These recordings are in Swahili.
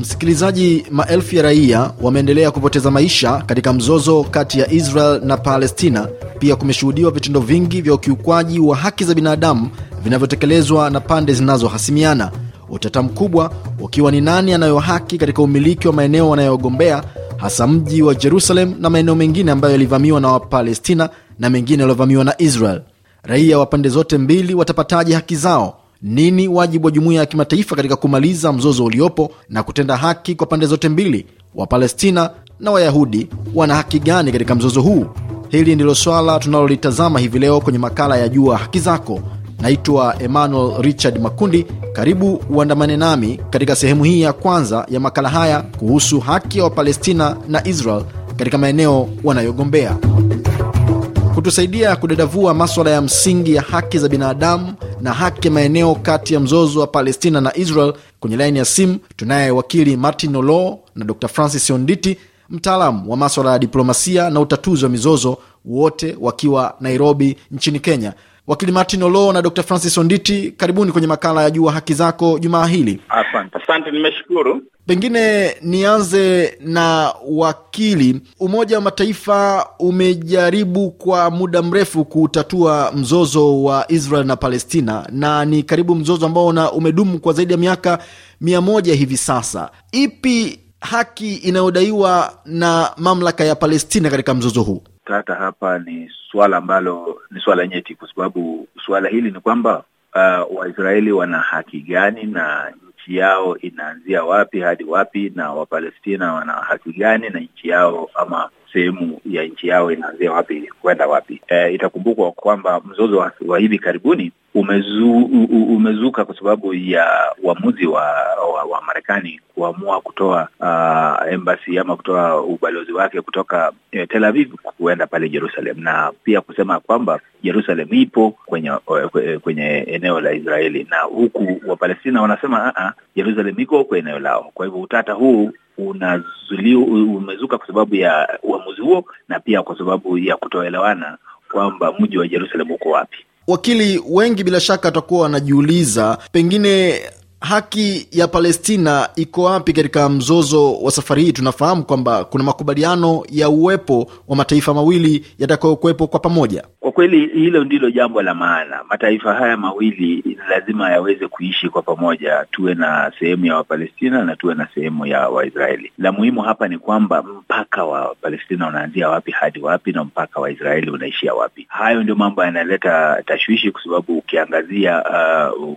Msikilizaji, maelfu ya raia wameendelea kupoteza maisha katika mzozo kati ya Israel na Palestina. Pia kumeshuhudiwa vitendo vingi vya ukiukwaji wa haki za binadamu vinavyotekelezwa na pande zinazohasimiana, utata mkubwa ukiwa ni nani anayo haki katika umiliki wa maeneo wanayogombea, hasa mji wa Jerusalem na maeneo mengine ambayo yalivamiwa na Wapalestina na mengine yaliyovamiwa na Israel. Raia wa pande zote mbili watapataje haki zao? Nini wajibu wa jumuiya ya kimataifa katika kumaliza mzozo uliopo na kutenda haki kwa pande zote mbili? Wapalestina na Wayahudi wana haki gani katika mzozo huu? Hili ndilo swala tunalolitazama hivi leo kwenye makala ya Jua Haki Zako. Naitwa Emmanuel Richard Makundi. Karibu uandamane nami katika sehemu hii ya kwanza ya makala haya kuhusu haki ya wa Wapalestina na Israel katika maeneo wanayogombea. Kutusaidia kudadavua maswala ya msingi ya haki za binadamu na haki ya maeneo kati ya mzozo wa Palestina na Israel. Kwenye laini ya simu tunaye wakili Martin Olo na Dr Francis Onditi, mtaalamu wa maswala ya diplomasia na utatuzi wa mizozo, wote wakiwa Nairobi nchini Kenya. Wakili Martin Olo na Dr Francis Onditi, karibuni kwenye makala ya Jua Haki Zako jumaa hili. Asante, asante, nimeshukuru. Pengine nianze na wakili. Umoja wa Mataifa umejaribu kwa muda mrefu kutatua mzozo wa Israel na Palestina, na ni karibu mzozo ambao umedumu kwa zaidi ya miaka mia moja hivi sasa. Ipi haki inayodaiwa na mamlaka ya Palestina katika mzozo huu? Tata hapa ni swala ambalo ni swala nyeti, kwa sababu swala hili ni kwamba uh, Waisraeli wana haki gani na nchi yao inaanzia wapi hadi wapi na Wapalestina wana haki gani na nchi yao ama sehemu ya nchi yao inaanzia wapi kwenda wapi. E, itakumbukwa kwamba mzozo wa, wa hivi karibuni umezu, umezuka kwa sababu ya uamuzi wa, wa, wa Marekani kuamua kutoa uh, embassy ama kutoa ubalozi wake kutoka eh, Tel Aviv kuenda pale Jerusalem na pia kusema kwamba Jerusalem ipo kwenye eh, kwenye eneo la Israeli na huku Wapalestina wanasema a ah, a ah, Jerusalem iko kwa eneo lao. Kwa hivyo utata huu unazuliwa umezuka kwa sababu ya uamuzi huo na pia kwa sababu ya kutoelewana kwamba mji wa Yerusalemu uko wapi. Wakili wengi bila shaka watakuwa wanajiuliza pengine Haki ya Palestina iko wapi katika mzozo wa safari hii? Tunafahamu kwamba kuna makubaliano ya uwepo wa mataifa mawili yatakayokuwepo kwa pamoja. Kwa kweli, hilo ndilo jambo la maana. Mataifa haya mawili lazima yaweze kuishi kwa pamoja, tuwe na sehemu ya Wapalestina na tuwe na sehemu ya Waisraeli. La muhimu hapa ni kwamba mpaka wa Palestina unaanzia wapi hadi wapi na mpaka wa Israeli unaishia wapi? Hayo ndio mambo yanaleta tashwishi, kwa sababu ukiangazia uh,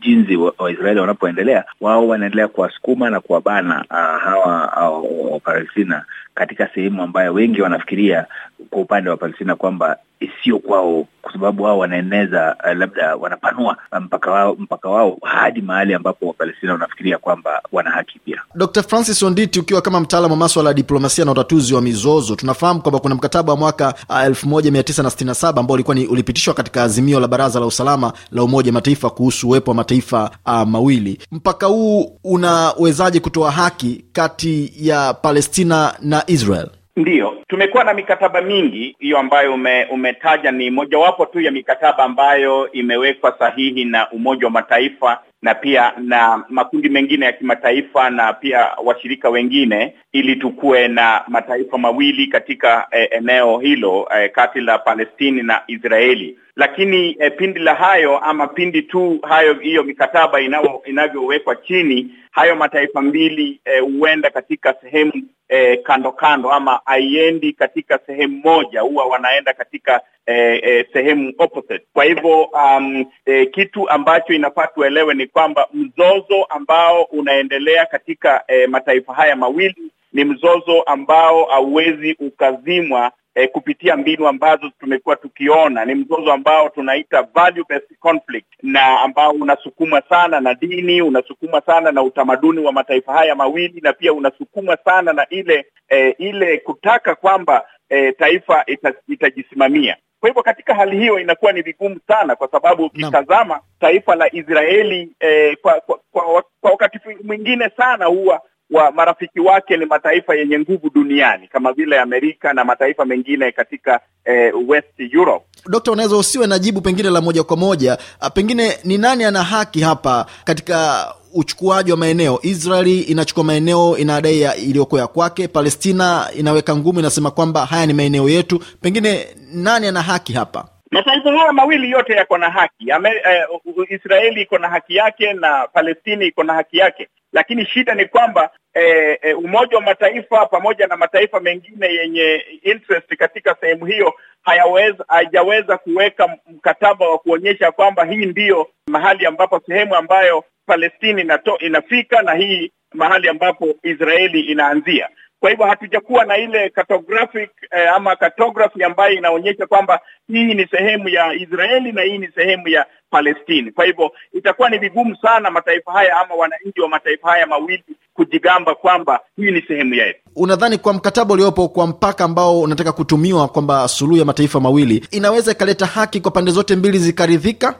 jinsi Waisraeli wanapoendelea, wao wanaendelea kuwasukuma na kuwabana ah, hawa ah, Wapalestina katika sehemu ambayo wengi wanafikiria kwa upande wa Palestina kwamba sio kwao, kwa sababu wao wanaeneza uh, labda wanapanua eh, mpaka wao mpaka wao hadi mahali ambapo Wapalestina wanafikiria kwamba wana haki pia. Dr. Francis Onditi, ukiwa kama mtaalamu wa maswala ya diplomasia na utatuzi wa mizozo, tunafahamu kwamba kuna mkataba wa mwaka ah, elfu moja mia tisa na sitini na saba ambao ulikuwa ni ulipitishwa katika azimio la Baraza la Usalama la Umoja Mataifa kuhusu uwepo wa mataifa uh, mawili. Mpaka huu unawezaje kutoa haki kati ya Palestina na Israel? Ndiyo, tumekuwa na mikataba mingi hiyo ambayo ume, umetaja ni mojawapo tu ya mikataba ambayo imewekwa sahihi na Umoja wa Mataifa na pia na makundi mengine ya kimataifa na pia washirika wengine, ili tukuwe na mataifa mawili katika e, eneo hilo e, kati la Palestini na Israeli. Lakini e, pindi la hayo ama pindi tu hayo hiyo mikataba inavyowekwa chini, hayo mataifa mbili huenda e, katika sehemu eh, kando kando ama haiendi katika sehemu moja, huwa wanaenda katika eh, eh, sehemu opposite. Kwa hivyo um, eh, kitu ambacho inafaa tuelewe ni kwamba mzozo ambao unaendelea katika eh, mataifa haya mawili ni mzozo ambao hauwezi ukazimwa e, kupitia mbinu ambazo tumekuwa tukiona ni mzozo ambao tunaita value based conflict, na ambao unasukumwa sana na dini, unasukumwa sana na utamaduni wa mataifa haya mawili, na pia unasukumwa sana na ile e, ile kutaka kwamba e, taifa ita, itajisimamia. Kwa hivyo katika hali hiyo inakuwa ni vigumu sana, kwa sababu ukitazama taifa la Israeli eh, kwa, kwa, kwa, kwa wakati mwingine sana huwa wa marafiki wake ni mataifa yenye nguvu duniani kama vile Amerika na mataifa mengine katika eh, West Europe. Dokta, unaweza usiwe na jibu pengine la moja kwa moja, ah, pengine ni nani ana haki hapa katika uchukuaji wa maeneo. Israeli inachukua maeneo inadai iliyokuwa ya kwake, Palestina inaweka ngumu, inasema kwamba haya ni maeneo yetu. Pengine nani ana haki hapa? Mataifa haya mawili yote yako na haki Ame, eh, Israeli iko na haki yake na Palestini iko na haki yake, lakini shida ni kwamba eh, eh, Umoja wa Mataifa pamoja na mataifa mengine yenye interest katika sehemu hiyo hayaweza hajaweza kuweka mkataba wa kuonyesha kwamba hii ndiyo mahali ambapo sehemu ambayo Palestini inato, inafika na hii mahali ambapo Israeli inaanzia. Kwa hivyo hatujakuwa na ile cartographic eh, ama cartography ambayo inaonyesha kwamba hii ni sehemu ya Israeli na hii ni sehemu ya Palestini. Kwa hivyo itakuwa ni vigumu sana mataifa haya ama wananchi wa mataifa haya mawili kujigamba kwamba hii ni sehemu yetu. Unadhani kwa mkataba uliopo kwa mpaka ambao unataka kutumiwa kwamba suluhu ya mataifa mawili inaweza ikaleta haki kwa pande zote mbili zikaridhika?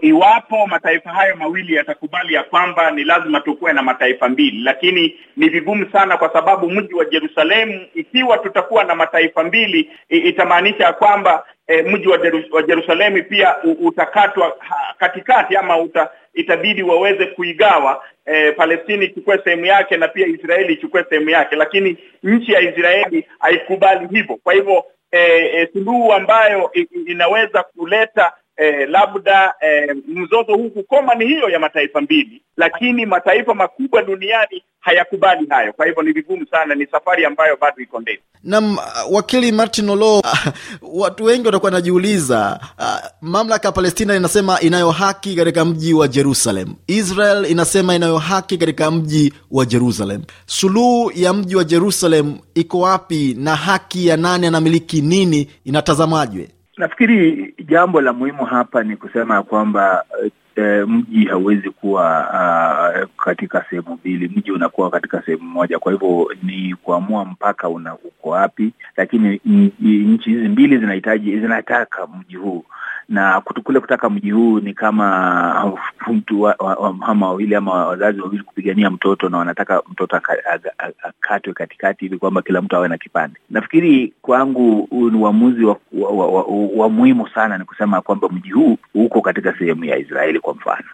iwapo mataifa hayo mawili yatakubali ya kwamba ni lazima tukuwe na mataifa mbili, lakini ni vigumu sana, kwa sababu mji wa Yerusalemu, ikiwa tutakuwa na mataifa mbili, itamaanisha kwamba e, mji wa, wa Yerusalemu pia utakatwa katikati ama uta, itabidi waweze kuigawa e, Palestini ichukue sehemu yake na pia Israeli ichukue sehemu yake, lakini nchi ya Israeli haikubali hivyo. Kwa hivyo e, e, suluhu ambayo inaweza kuleta eh, labda eh, mzozo huu kukoma ni hiyo ya mataifa mbili, lakini mataifa makubwa duniani hayakubali hayo. Kwa hivyo ni vigumu sana, ni safari ambayo bado iko ndefu. Naam, uh, wakili Martin Olo, uh, watu wengi watakuwa wanajiuliza, uh, mamlaka ya Palestina inasema inayo haki katika mji wa Jerusalem, Israel inasema inayo haki katika mji wa Jerusalem. Suluhu ya mji wa Jerusalem iko wapi, na haki ya nani anamiliki nini inatazamajwe? Nafikiri jambo la muhimu hapa ni kusema kwamba e, mji hauwezi kuwa a, ah, katika sehemu mbili. Mji unakuwa katika sehemu moja, kwa hivyo ni kuamua mpaka una uko wapi, lakini nchi hizi mbili zinahitaji zinataka mji huu na kutukule kutaka mji huu ni kama mtu wa, wa, wa mama wawili ama wazazi wawili kupigania mtoto, na wanataka mtoto akatwe katikati ili kwamba kila mtu awe na kipande. Nafikiri kwangu huu ni uamuzi wa, wa, wa, wa, wa muhimu sana, ni kusema kwamba mji huu uko katika sehemu ya Israeli kwa mfano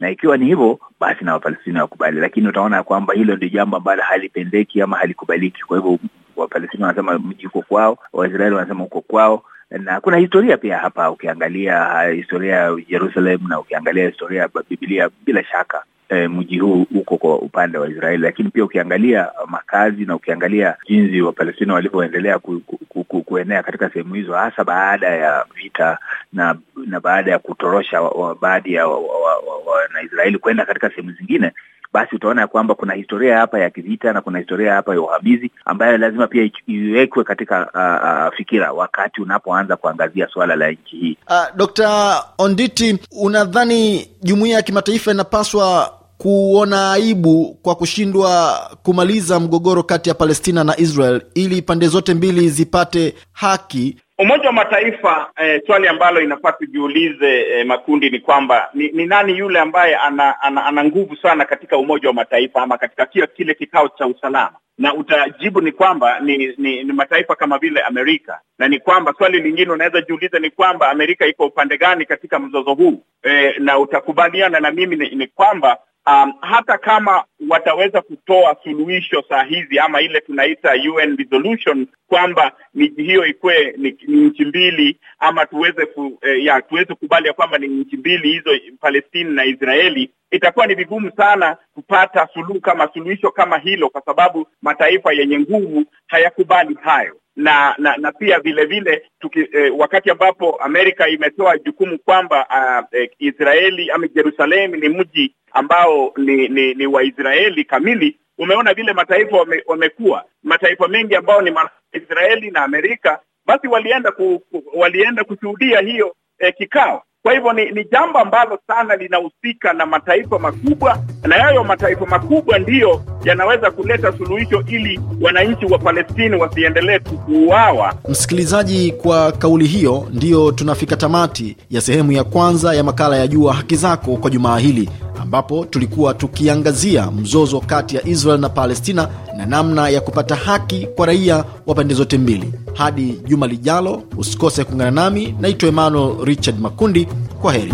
na ikiwa ni hivyo basi na Wapalestina wakubali, lakini utaona kwamba hilo ndio jambo ambalo halipendeki ama halikubaliki. Kwa hivyo Wapalestina wanasema mji uko kwao, Waisraeli wanasema uko kwao, na kuna historia pia hapa. Ukiangalia uh, historia ya Yerusalemu na ukiangalia historia ya Biblia, bila shaka e, mji huu uko kwa upande wa Israeli, lakini pia ukiangalia makazi na ukiangalia jinsi Wapalestina walivyoendelea ku, ku, ku, ku, kuenea katika sehemu hizo, hasa baada ya vita na na baada ya kutorosha baadhi ya Wanaisraeli wa, wa, wa, kwenda katika sehemu zingine basi utaona ya kwamba kuna historia hapa ya kivita na kuna historia hapa ya uhamizi ambayo lazima pia iwekwe katika uh, uh, fikira wakati unapoanza kuangazia suala la nchi hii. Uh, ah, Dr. Onditi, unadhani jumuiya ya kimataifa inapaswa kuona aibu kwa kushindwa kumaliza mgogoro kati ya Palestina na Israel ili pande zote mbili zipate haki Umoja wa Mataifa, eh, swali ambalo inafaa tujiulize eh, makundi ni kwamba ni, ni nani yule ambaye ana, ana, ana nguvu sana katika Umoja wa Mataifa ama katika kio kile kikao cha usalama, na utajibu ni kwamba ni, ni, ni mataifa kama vile Amerika, na ni kwamba swali lingine unaweza jiuliza ni kwamba Amerika iko upande gani katika mzozo huu eh, na utakubaliana na mimi ni, ni kwamba um, hata kama wataweza kutoa suluhisho saa hizi ama ile tunaita UN resolution kwamba miji hiyo ikuwe ni, ni nchi mbili ama tuweze ku, eh, ya tuweze kubali ya kwamba ni nchi mbili hizo Palestini na Israeli, itakuwa ni vigumu sana kupata suluhu kama suluhisho kama hilo, kwa sababu mataifa yenye nguvu hayakubali hayo na na, na pia vile vile tuki, eh, wakati ambapo Amerika imetoa jukumu kwamba uh, eh, Israeli ama Jerusalem ni mji ambao ni, ni, ni wa Israeli kamili. Umeona vile mataifa wame, wamekuwa mataifa mengi ambao ni Israeli na Amerika, basi walienda ku, ku, walienda kushuhudia hiyo eh, kikao kwa hivyo ni, ni jambo ambalo sana linahusika na mataifa makubwa, na yayo mataifa makubwa ndiyo yanaweza kuleta suluhisho ili wananchi wa Palestini wasiendelee kuuawa. Msikilizaji, kwa kauli hiyo ndiyo tunafika tamati ya sehemu ya kwanza ya makala ya Jua Haki Zako kwa jumaa hili ambapo tulikuwa tukiangazia mzozo kati ya Israel na Palestina na namna ya kupata haki kwa raia wa pande zote mbili. Hadi juma lijalo, usikose kuungana nami. Naitwa Emmanuel Richard Makundi. Kwa heri.